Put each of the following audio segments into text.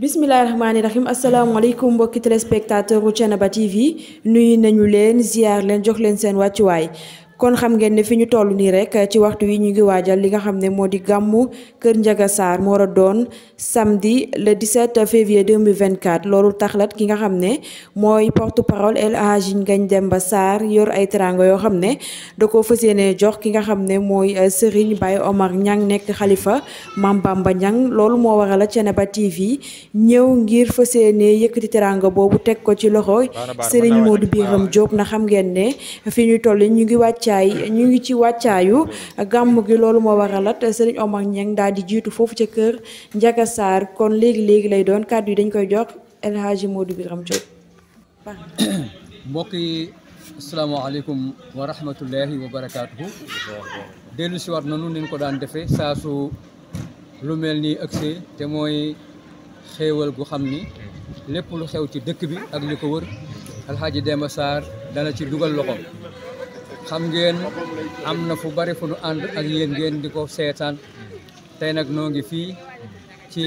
bisimilah rahmaani rahim asalaamaaleykum mbokki téléspectateur u Thiénaba TV nuyu nañu leen ziar leen jox leen seen wàccuwaay kon xam ngeen ne fi ñu toll nii rek ci waxtu wi ñu ngi waajal li nga xam ne moo di gàmmu kër Ndiaga Sarr moo war a doon samedi le di 17 février 2024 loolu tax taxlat ki nga xam ne mooy porte parole El Hadji Ngagne Demba saar yor ay teraanga yoo xam ne da ko fas yéene jox ki nga xam ne mooy euh, Serigne Baye Omar Niang nekk xalifa Mame ba Niang loolu moo waral Thiénaba TV ñëw ngir fas yéene yëkkati teraanga boobu teg ko ci loxo Serigne Modou Biram Diop na xam ngeen wàccaay ñu ngi ci wàccaayu gàmm gi loolu moo waralat sëriñ Omar Niang daal di jiitu foofu ca kër njaga saar kon léegi léegi lay doon kàddu yi dañ koy jox El Hadji Modou Biram Diop. mbokk yi asalaamaaleykum wa rahmatullahi wa barakaatuhu. dellu si waat noonu ni ko daan defee saa lu mel ni ëgsee te mooy xéewal gu xam ni lépp lu xew ci dëkk bi ak li ko wër. alxaaji Demba Sarr dana ci dugal loxo xam ngeen am na fu bari fu nu ànd ak yéen ngeen di ko seetaan tey nag noo ngi fii ci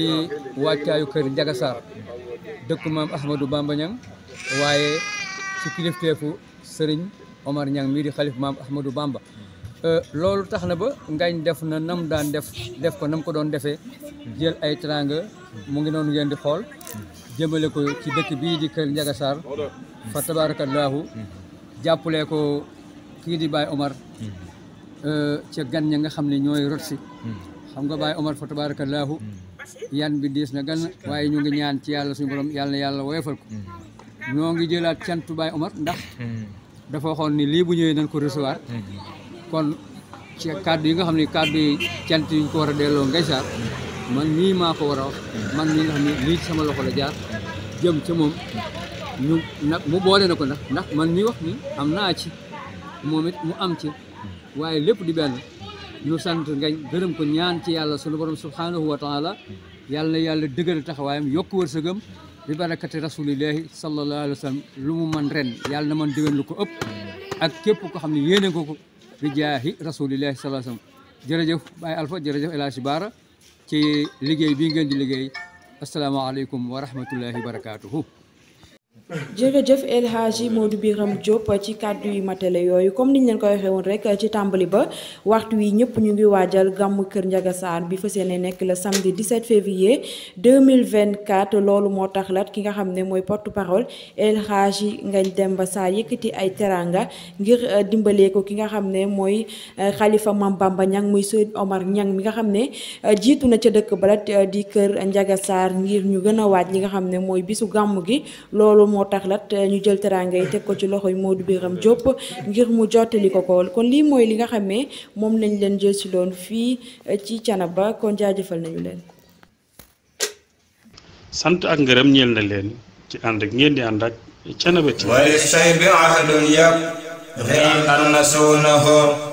wàccaayu kër Ndiaga Sarr dëkku maam Ahmadou Bamba Niang waaye ci kilifteefu sëriñ Omar Niang mii di xalif maam Ahmadou Bamba euh, loolu tax na ba ngañ def na nam daan def def ko nam ko doon defee jël ay teranga mu ngi noonu ngeen di xool jëmale ko ci dëkk bii di kër Ndiaga Sarr fa tabaarakallaahu jàppale ko kii di Baye Omar mm-hmm. euh, ca gan ña nga xam ne ñooy rot si mm-hmm. xam nga Baye Omar fa tabaarakallaahu mm-hmm. yan bi diis na gan waaye ñu ngi ñaan ci yàlla suñu borom yàlla na yàlla woyofal ko ñoo ngi jëlaat cantu Baye Omar ndax dafa waxoon ni lii bu ñëwee nañ ko recevoir kon ci kàddu yi nga xam ne kàddu yi cant yi ñu ko war a delloo ngay saar man mii maa ko war a wax man mii nga xam ne lii sama loxo la jaar jëm ca moom ñu nag mu boole na ko ndax ndax man mii wax ni am naa ci moom it mu am ci waaye lépp di benn ñu sant ngañ gërëm ko ñaan ci yàlla sunu borom subhaanahu wa taala yàlla na yàlla dëgëral taxawaayam yokk wërsëgam bi barakati rasulillahi sallallahu alayhi wa sallam lu mu man ren yàlla na man déwén lu ko ëpp ak képp ko xam ne yéene ko ko bi jaahi rasulillahi sallallahu alayhi wa sallam jërëjëf Baye Alpha jërëjëf El Hadj Baara ci liggéey bii ngeen di liggéey asalaamaaleykum wa rahmatullahi wa barakatuhu jërëjëf El Hadji Modou Biram Diop ci kàddu yu matale yooyu comme niñ leen ko waxee woon rek ci tàmbali ba waxtu wi ñëpp ñu ngi waajal gàmmu kër Ndiaga Sarr bi fas yéene nekk le samedi 17 février 2024 loolu moo tax la ki nga xam ne mooy porte parole El Hadji Ngagne Demba Sarr yëkkati ay teraanga ngir euh, dimbalee ko ki nga xam ne mooy xalifa euh, Mame Bamba Niang muy Sëñ Omar Niang mi nga xam ne euh, jiitu na ca dëkk balat di kër Ndiaga Sarr ngir ñu gën a waaj li nga xam ne mooy bisu gàmmu gi moo tax lat ñu jël teraanga yi teg ko ci loxo loxoy Modou Biram Diop ngir mu jottali ko ko kon lii mooy li nga xam ne moom lañ leen jël si loon fii eh, ci Canaba kon jaajëfal nañu leen. sant ak ngërëm ñeel na leen ci ànd ak ngeen di ànd ak Canaba TV. wala say bi ahadun yab.